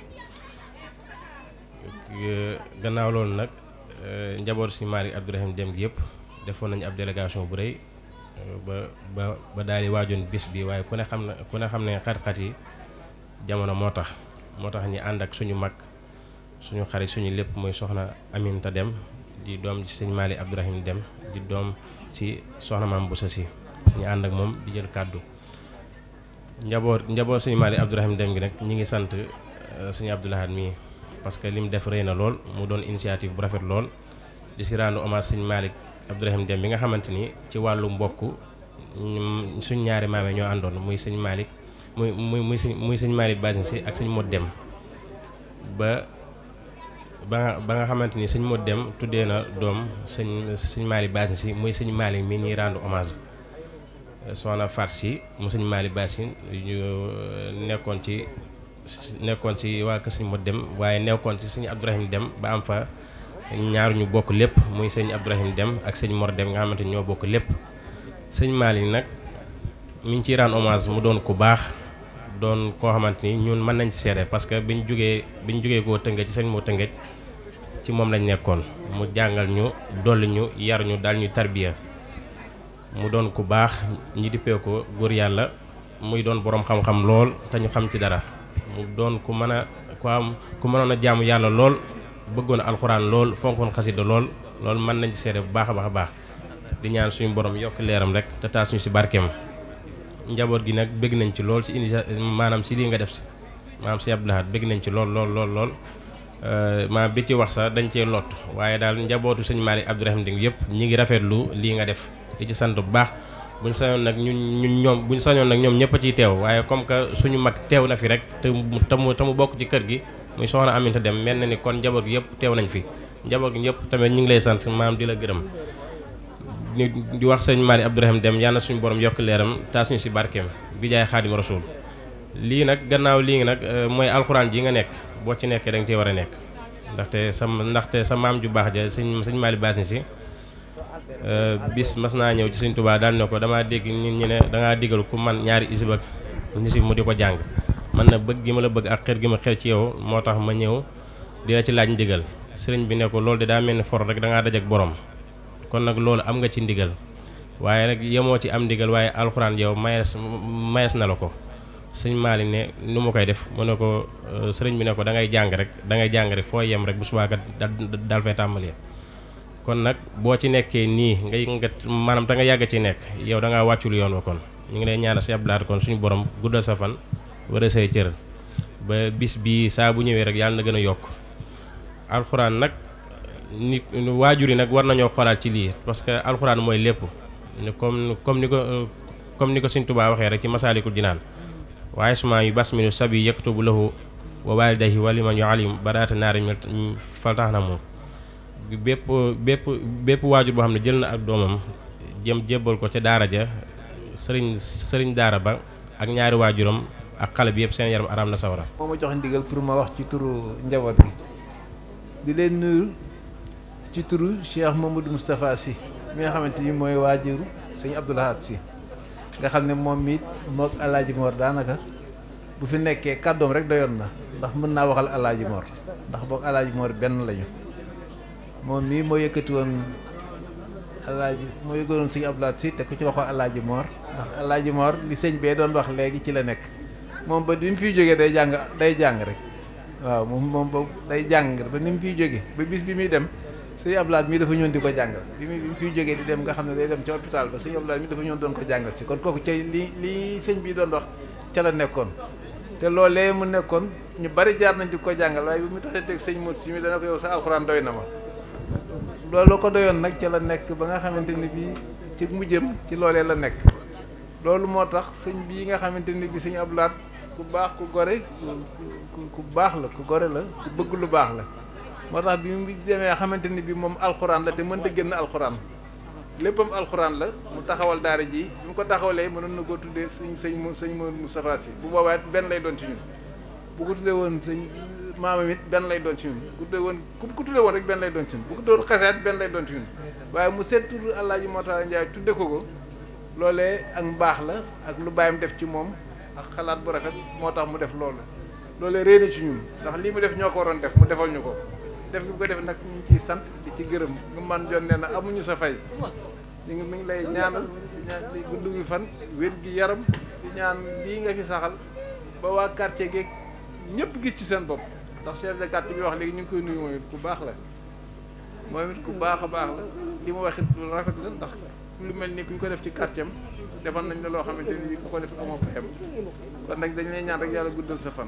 [SPEAKER 7] gannaaw loolu nag eh, njaboot si Malick Abdourahim Dem gi yëpp defoon nañu ab délégation bu rëy eh, ba ba ba daal di waajoon bis bi waaye ku ne xam ne ku ne xam ne xat-xat yi jamono moo tax moo tax ñu ànd ak suñu mag suñu xarit suñu lépp muy soxna Aminta Dem di doom ci sëñ Malick Abdourahim Dem di doom si soxna maam Bousso si ñu ànd ak moom di jël kàddu njaboot njaboot sëñ Malick Abdourahim Dem gi nag ñi ngi sant euh, sëñ Abdou Lahad mii parce que lim def rëy na lool mu doon initiative bu rafet lool di si rendre hommage sëñ Malick Dem bi nga xamante ni ci wàllu mbokk suñ ñaari maame ñoo àndoon muy sëñ maalik muy muy muy sëñ muy sëñ Malick Basin si ak sëñ moot Dem ba ba nga nga xamante ni sëñ Modou dem tuddee na doom sëñ sëñ Maali Basin si muy sëñ Maali mi ñuy rendre hommage soxna Faat si mu sëñ Maali Basin euh, nekkoon ci nekkoon ci waa kër sëñ dem waaye nekkoon ci sëñ Abdourahim dem ba am fa ñaar ñu bokk lépp muy sëñ Abdourahim dem ak sëñ Mor dem nga xamante ñoo bokk lépp sëñ Maali nag mu ngi ciy rendre hommage mu doon ku baax. doon koo xamante ni ñun mën nañ ci seede parce que biñ jógee biñ jógee koo tëngëj ci sëñ moo tëngëj ci moom lañu nekkoon mu jàngal ñu dolli ñu yar ñu daal ñu tarbiya mu doon ku baax ñi dippee ko góor yàlla muy doon boroom xam-xam lool te ñu xam ci dara mu doon ku mën a ku am ku mënoon a jaamu yàlla lool bëggoon alxuraan lool fonkoon xasida lool lool mën nañ ci seede bu baax a baax a baax di ñaan suñu borom yokk leeram rek te taas ñu ci barkeem njaboot gi nag bëgg nañ ci lool ci initiative maanaam si lii nga def si maanaam si Abdou Lahad bëgg nañ ci lool lool lool lool euh, maanaam bi ci wax sax dañ cee lott waaye daal njabootu sëñ Malick Abdourahim Ding yëpp ñi ngi rafetlu lii nga def di ci sant bu baax buñ sañoon nag ñun ñun ñoom buñ sañoon nag ñoom ñëpp a ciy teew waaye comme que suñu mag teew na fi rek te mu te mu bokk ci kër gi muy soxna Aminta dem mel na ni kon njaboot gi yëpp teew nañ fi njaboot gi yëpp tamit ñu ngi lay sant maanaam di la gërëm di wax sëñ Maari Abdourahim Dem yàlla na suñu borom yokk leeram taas ñu si barkeem bi jaay xaadim rasul lii nag gannaaw lii nag euh, mooy alxuraan ji nga nekk boo ci nekkee da nga war a nekk ndaxte sa ndaxte sa maam ju baax ja sëñ sëñ Maali Baas ni si euh, bis mas naa ñëw ci sëñ Tuubaa daal ne ko damaa dégg nit ñi ne dangaa digal ku man ñaari isib ak nisif mu di ko jàng man na bëgg gi ma la bëgg ak xër gi ma xër ci yow moo tax ma ñëw di la ci laaj ndigal sëriñ bi ne loolu daa mel ni for rek dangaa daj borom kon nag loolu am nga ci ndigal waaye nag yemoo ci am ndigal waaye alxuraan yow mayees mayees na la ko sëñ Maalik ne nu ma koy def mu ne ko euh, sëriñ bi ne ko da ngay jàng rek da ngay foo yem rek bu subaa kat dal fee tàmbalee kon nag boo ci nekkee nii ngay nga maanaam te nga yàgg ci nekk yow da ngaa wàccul yoon wa kon ñu ngi lay ñaanal si ablaat kon suñu borom guddal sa fan wara say cër ba bis bii saa bu ñëwee rek yàlla na gën a yokk alxuraan nag. nit waajur yi nag war nañoo xolaat ci lii parce que alxuraan mooy lépp comme comme ni ko comme ni ko Sëñ Tuubaa waxee rek ci masaalikul jinaan waaye suma yu bas minu sabi yaktubu lahu wa waalidayhi wa liman yuallim baraata naari faltax na moom bépp bépp bépp waajur boo xam ne jël na ak doomam jëm jébbal ko ca daara ja sëriñ sëriñ daara ba ak ñaari waajuram ak xale bi yëpp seen yaram araam na sawara
[SPEAKER 8] moo ma jox ndigal pour ma wax ci turu njaboot bi di leen nuyu ci turu Cheikh Mamadou Moustapha Sy si nga xamante ni mooy waajuru sëñ Abdou Lahad Sy nga xam ne moom it moog Alaaji moor daanaka bu fi nekkee kàddoom rek doyoon na ndax mën naa waxal Alaaji moor ndax boog Alaaji Mor benn lañu moom mii moo yëkkati woon Alaaji moo yëgoon sëñ Abdou si Sy te ku ci loxo Alaaji moor ndax Alaaji Mor li sëñ bee doon wax léegi ci la nekk moom ba bi mu fiy jóge day jàng day jàng rek waaw moom moom ba day jàng ba ni mu fiy jógee ba bis bi muy dem. sëñ Abdoulaye mii dafa ñëwoon di ko jàngal bi mu fiy jógee di dem nga xam ne day dem ca hôpital ba sëñ Abdoulaye mii dafa ñëwoon doon ko jàngal si kon kooku ca li lii sëñ bii doon wax ca la nekkoon te loolee mu nekkoon ñu bari jaar nañ di ko jàngal waaye bi mu taxee teg sëñ Modou si mi dana ko yow sa alxuraan doy na ma loolu ko doyoon nag ca la nekk ba nga xamante ni bii ci mujjëm ci loolee la nekk loolu moo tax sëñ bii nga xamante ni bii sëñ Abdoulaye ku baax ku gore baax la ku gore la bëgg lu baax la moo tax bi mu demee xamante ni bi moom alxuraan la te mënta génn alxuraan léppam alxuraan la mu taxawal daara ji bi mu ko taxawalee mënoon na koo tuddee sëñ sëñ sëñ Moustapha Sy bu boobaa it benn lay doon ci ñun bu ko tuddee woon sëñ maamam it benn lay doon ci ñun ku tuddee woon ku tuddee woon rek benn lay doon ci ñun bu ko tuddee woon xasaat benn lay doon ci ñun waaye mu seet tudd Alaaji Motaala Njaay tudde ko ko loolee ak mbaax la ak lu bàyyam def ci moom ak xalaat bu rafet moo tax mu def loolu loolee réer na ci ñun ndax lii mu def ñoo ko waroon def mu defal ñu ko def gi ko defee nag ñu ciy sant di ci gërëm ñu man jon nee na amuñu sa fay li nga mi ngi lay ñaanal di gudd gi fan wér gi yaram di ñaan lii nga fi saxal ba waa quartier geeg ñëpp gis ci seen bopp ndax chef de quartier bi wax léegi ñu ngi koy nuyu moom it baax la moom it ku baax a baax la li mu wax it lu rafet la ndax lu mel nii ku ñu ko def ci quartier am defal nañ la loo xamante ni ku ko def amoo payam kon nag dañ lay ñaan rek yàlla guddal sa fan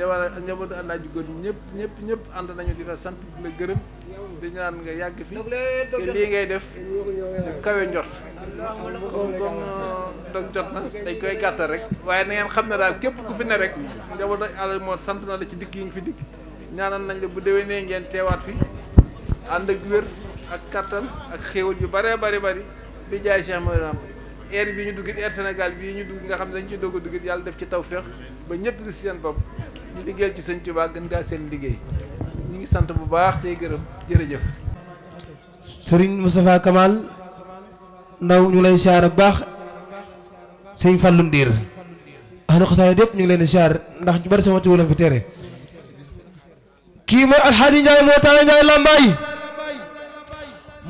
[SPEAKER 8] njaboot njabootu àllaaji góor ñi ñëpp ñëpp ñëpp ànd nañu di sant di la gërëm di ñaan nga yàgg fi te lii ngay def kawe njot comme comme euh, dog jot na dañ koy gàttal rek waaye na xam ne daal képp ku fi ne rek njabootu àll moo sant na la ci dikk yi nga fi dikk ñaanal nañ la bu déwénee ngeen teewaat fi ànd ak wér ak kattan ak xéewal yu bëree bari bari di jaay Cheikh Maram air bi ñu duggit air senegal bii ñu dugg nga xam ne dañ ci dogg a duggit yàlla def ci taw féex ba ñëpp gis seen bopp ñu liggéeyal ci sëñ Tuubaa gën gaa seen liggéey ñu ngi sant bu baax tey gërëm jërëjëf.
[SPEAKER 9] Serigne Moustapha Kamal ndaw ñu lay siyaar bu baax sëñ Fallou Ndiir ahlu xasaayid yëpp ñu ngi leen di ndax ñu bari sama tuulam fi tere kii mooy Alxaaji Njaay moo taala Njaay Lambaay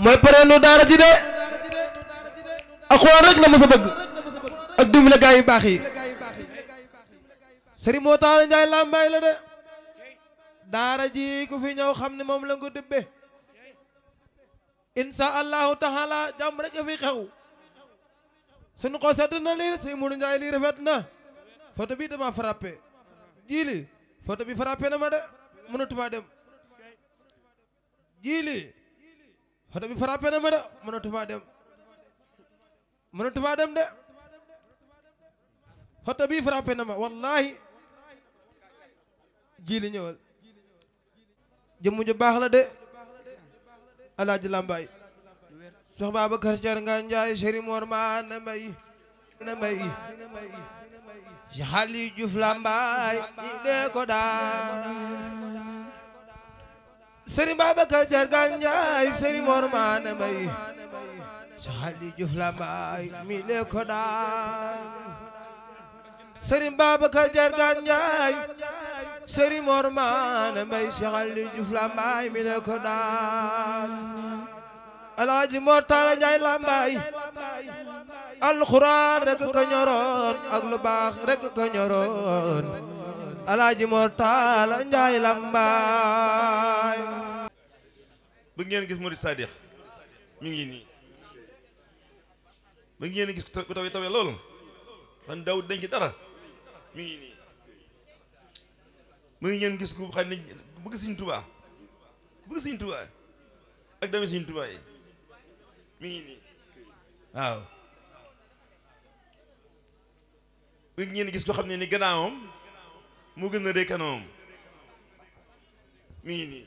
[SPEAKER 9] mooy pare nu daara ji de ak Alxuraan rek la mës a bëgg ak dimbali gaa yu baax yi sëriñ moo taala njaay làmbaay la de daara ji ku fi ñëw xam ne moom la nga dubbe insha allahu taala jàmm rek fi xew suñu ko sedd na lii sëriñ Modou Njaay lii rafet na photo bi dama frappé jiili photo bi frappé na ma de mënatuma dem jiili photo bi frappé na ma de mënatuma dem dem de photo bi frappé na ma wallahi jii li ñëwal jëmm ju baax la de alaaji làmbaay sox Babacar car nga njaay sëriñ Mor ma na may na may si xali Juuf làmbaay i de ko daa sëriñ Babacar car nga njaay sëriñ Mor ma na may si xali Juuf làmbaay mi de ko daa sëriñ Babacar car nga njaay Sëriñ Mor Maana Mbay Cheikh Aliou Diouf Lambaay mi ne ko daan Alaaji Mor Talla Njaay Lambaay alxuraan rek ko ñoroon ak lu baax rek ko ñoroon Alaaji Mor Talla Njaay Lambaay ba ngeen gis Murid Sadiq mi ngi nii
[SPEAKER 10] ba ngeen gis ku taw tawee loolu xam daw denc dara mu ngi ngeen gis ku xam ne bëgg Sëriñ Tuubaa bëgg Sëriñ Tuubaa ak doomi Sëriñ Tuubaa yi mi ngi nii waaw mu ngi ngeen gis ko xam ne ni gannaawam mu gën a rëy mi ngi nii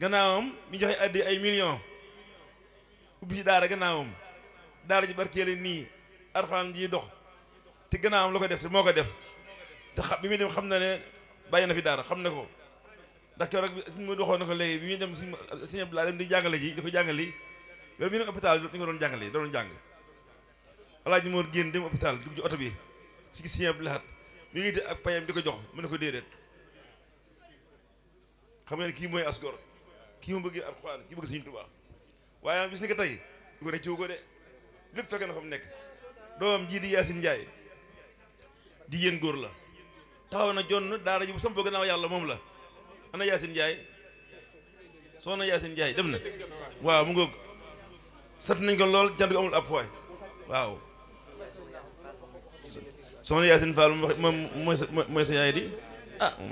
[SPEAKER 10] gannaawam mu joxe addi ay million ubbi ci daara gannaawam daara ji barkeele nii arxaan ji dox te gannaawam la ko def te moo ko def te xam bi muy dem xam na ne bàyyi na fi daara xam na ko ndax keroog rek suñu ma waxoon na ko léegi bi muy dem suñu suñu laa dem di jàngale ji di ko jàngale yi yow mi ne ko doon jàngale yi doon jàng alaaji moor génn dem oto bi si Sëñ Abdou Lahad mi ngi ak payam di ko jox mu ne ko déedéet xam ngeen kii mooy asgor kii mu bëggee alxuraan kii bëgg Sëñ Tuubaa waaye bis ni ko tey du ko ko de lépp fekk na ko mu nekk doomam jii di Yaasin Njaay di yéen góor la taxaw na jonn daara ji bu sam bëgg naaw yàlla moom la ana Yacine Ndiaye soxna Yacine Ndiaye dem na waaw mu ngoog sant nañ ko lool jant ko amul ab waay waaw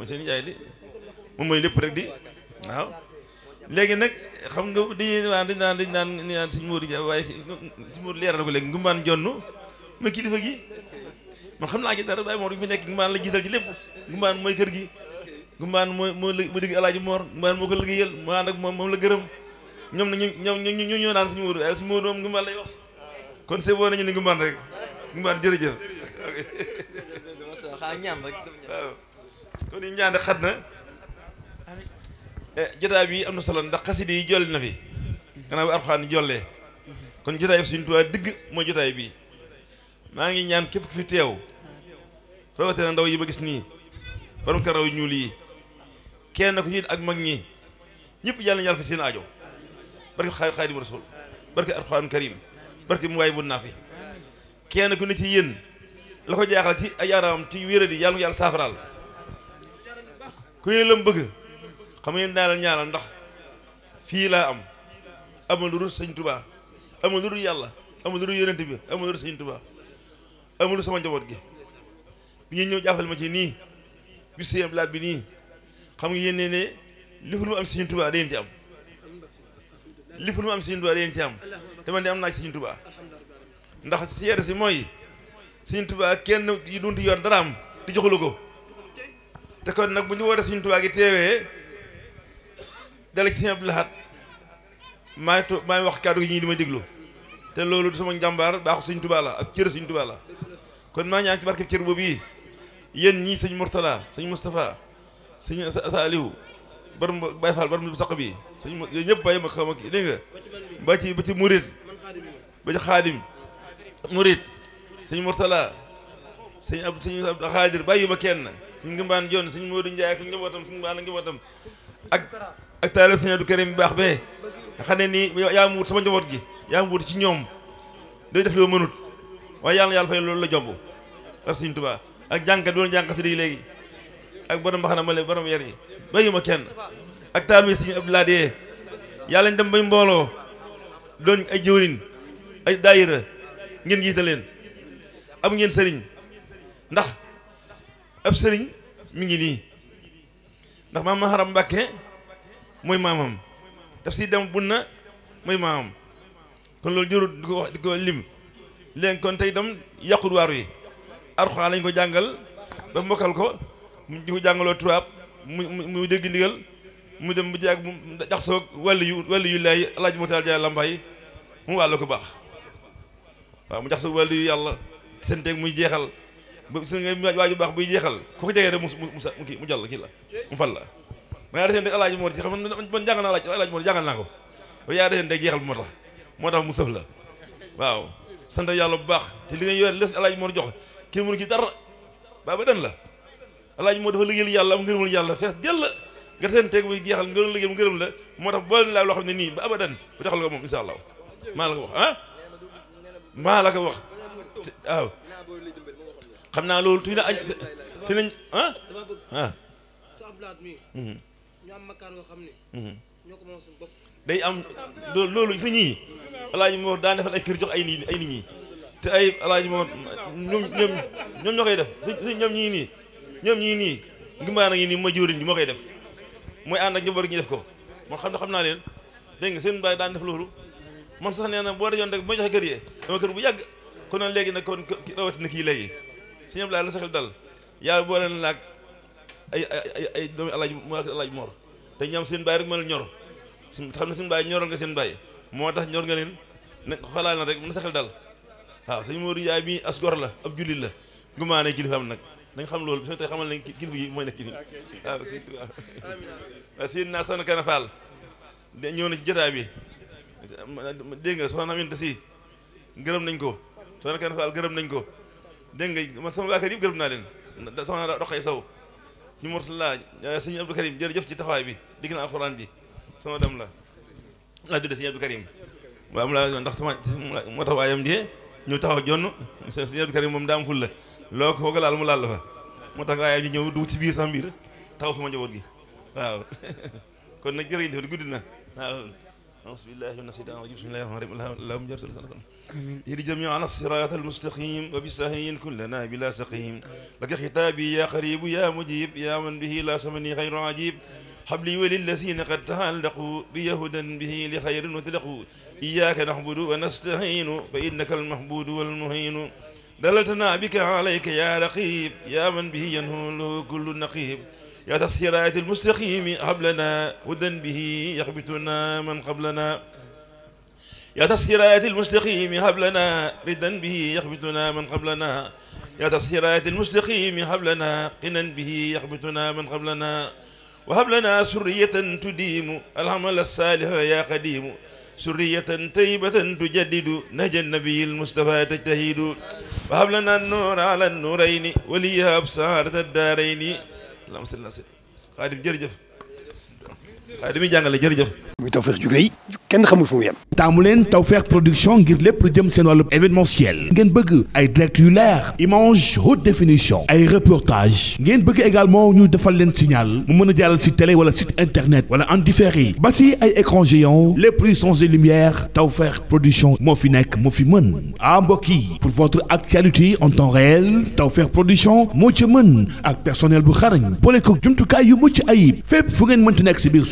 [SPEAKER 10] soxna mooy lépp rek di waaw léegi nag xam nga dañuy naan dañu naan dañu naan dañu naan suñu Modou waaye suñu Modou leeral ko léegi ngumbaan jonn ma kilifa gi man xam naa ci dara Baye bi fi nekk Ngumbaan la jiital ci lépp Ngumbaan mooy kër gi Ngumbaan mooy moo lë ma dégg Alaaji moo moom la gërëm ñoom na ñoo ñoo suñu wóodu ay suñu wóodu moom Ngumbaan lay wax kon c'est bon rek Ngumbaan jërëjëf waaw eh, jotaay bi am na solo ndax xasida yi jolli na fi gannaaw bi Alxuraan jollee kon jotaay bi suñu tuwaay dëgg mooy jotaay bii maa ngi ñaan képp ku fi teew rawatina ndaw yi ma gis nii borom karaw yu ñuul yi kenn ku ci ak mag ñi ñëpp yàlla yàlla fa seen aajo barke Xaadimu Rasuul barke Alxuraan Karim barke mu waay bu naa fi kenn ku ne ci yéen la ko jaaxal ci ay yaramam ci wéeradi yàlla ko yàlla saafaraal ku yéen bëgg xam ngeen naa la ñaanal ndax fii laa am amul lu dul sëñ Tuubaa amul lu dul yàlla amul lu dul yonent bi amul amul sama njaboot gi bi ñëw jàppale ma ci nii bi sëñ laat bi nii xam nga yéen ne ne lépp mu am Sëñ Tuubaa da am lépp lu am Sëñ Tuubaa da ngeen ci am te man de am naa Sëñ ndax seer si mooy Sëñ Tuubaa kenn yu dunti yor dara am di joxulu ko te kon nag bu ñu wootee Sëñ Tuubaa gi teewee dalek Sëñ Abdou Lahad maay to maay wax kàddu gi ñuy di ma déglu te loolu sama njàmbaar baaxu Sëñ Tuubaa la ak cër Sëñ Tuubaa la kon maa ñaan ci barkeb cër boobu yi yéen ñii sëñ Mourtala sëñ Moustapha sëñ Saaliw bar Baye Fall bar mu saq bi sëñ ñëpp bàyyi ma xam ak dégg nga ba ci ba ci murit ba ci xaadim murit sëñ Mourtala sëñ ab sëñ ab xaadir bàyyi ma kenn sëñ Ngëmbaan Joon sëñ Modou Ndiaye ak njabootam sëñ Mbaan ak njabootam ak ak taalib sëñ Abdou Karim baax bee nga xam ne nii yaa mu wut sama njaboot gi yaa mu wut ci ñoom day def loo mënut waaye yàlla yàlla fay loolu la jomb ak Sëriñ Tuubaa ak jànkat doon jàng xasida yi léegi ak borom mbaxana ma borom yar yi bàyyuma kenn ak taalibe Sëriñ Abdou Lahad yee yàlla ñu dem bañ mbooloo doon ay jëwriñ ay daayira ngeen jiite leen am ngeen sëriñ ndax ab sëriñ mi ngi nii ndax maam Maharam Mbàkke mooy maamam daf si dem bunna mooy maamam kon loolu jërut di ko wax di ko lim léegi kon tey itam yàqut waaru yi alxuraan lañ ko jàngal ba mokkal ko mu di jàngaloo tubaab mu mu dégg ndigal mu dem bu jàgg mu jaxsoog wàllu yu wàllu yu laay alaaj moo taal jaay lambay mu wàllu ko baax waaw mu jaxsoog wàllu yu yàlla senteeg muy jeexal ba su nga waaju baax buy jeexal ku ko jegee mu mu kii mu jàll kii la mu fal la ma yaa deseen alaaj moo ci xam man jàngal naa alaaj moo jàngal naa ko yow yaa deseen teg jeexal bu moo tax moo tax mu sëf la waaw sant yàlla bu baax te li nga yor les alaaj moo jox kenn mënu ci dara ba abadan la alaaji moo dafa liggéeyal yàlla am ngërëmul yàlla fees dell nga seen teeg muy jeexal ngërëm liggéey mu ngërëm la moo tax boole laa loo xam ne nii ba abadan bu taxal ko moom insha allah maa la wax ah maa la ko wax waaw xam naa loolu tuy na añ fi nañ ah ah
[SPEAKER 9] mhm. Mhm. day am loolu loolu sa ñii alaaji
[SPEAKER 10] moo daan defal ay kër jox ay nit ay nii te ay alaaji moom ñoom ñoom ñoom ñoo koy def ñoom ñii nii ñoom ñii nii ngimbaana ngi nii ma jóorin bi moo koy def mooy ànd ak njaboot gi def ko man xam na xam naa leen dégg nga seen baay daan def loolu man sax nee na boo rajoon rek bu ma kër yi dama kër bu yàgg kon nag léegi nag kon rawatina kii léegi si ñoom la saxel dal yàlla boo leen laag ay ay ay doomi alaaji moo alaaji Mor te ñam seen baay rek ma leen ñor xam ne seen baay ñoroon nga seen baay moo tax ñor nga leen ne xalaat na rek mën na saxel dal waaw sëñ Modou Ndiaye mii as gor la ab jullit la gumaane kilifaam nag dañ xam loolu bi tey nañ kilifa yi mooy nekk nii waaw sëñ naa san kana ñëw na ci bi dégg nga soxna Aminta nañ ko soxna gërëm nañ ko nga man sama waa kër yëpp leen soxna Roqay Sow ñu Mourtala eh, sëñ Abdou Karim jërëjëf ci taxawaay bi digg na alxuraan bi sama dem la laa tuddee sëñ Abdou Karim moo tax waayam jee ñu taxaw jonn sëñ Abdou Karim moom daa am ful la loo ko foog laal mu laal la fa moo tax waaye ñu ñëw dugg ci biir sax mbir taxaw sama njaboot gi waaw kon nag jërëjëf di guddi na waaw aousbillah mina sheytan rajim bismillahi rahmani rahim allahum jërëjëf yéen jëm ñoo ala sirat almustaqim wa bisahin kullana bila saqim laka xitaabi ya qaribu ya mujib ya man bihi la samani xayru ajib habli walillasina qad taallaqu biyahudan bihi li xayrin watalaqu iyyaka nahbudu wa nastahinu fa innaka almahbudu walmuhinu دلتنا بك عليك يا رقيب يا من به ينهول كل نقيب يا تسخيرات المستقيم حبلنا ودا به يخبتنا من قبلنا يا تسخيرات المستقيم حبلنا ردا به يخبتنا من قبلنا يا تسخيرات المستقيم حبلنا قنا به يخبتنا من قبلنا وهب لنا سرية تديم العمل الصالح يا قديم سرية طيبة تجدد نجى النبي المصطفى تجتهد وهب لنا النور على النورين وليها أبصار الدارين اللهم صل على سيدنا خادم جرجف waaye
[SPEAKER 1] li muy jàngale jërëjëf. muy Tawfekh ju rëy kenn xamul fu mu yem. taamu leen Tawfekh production ngir lépp lu jëm seen wàllu événementiel. ngeen bëgg ay direct yu leer. image haute définition. ay reportage ngeen bëgg également ñu defal leen signal. mu mën a jàllal si télé wala site internet. wala en différé. ba si ay écran géant. lépp luy changé lumière. Tawfekh production moo fi nekk moo fi mën. ah mbokk yi. pour votre actualité en temps réel. Tawfekh production moo ci mën. ak personnel bu xarañ. boole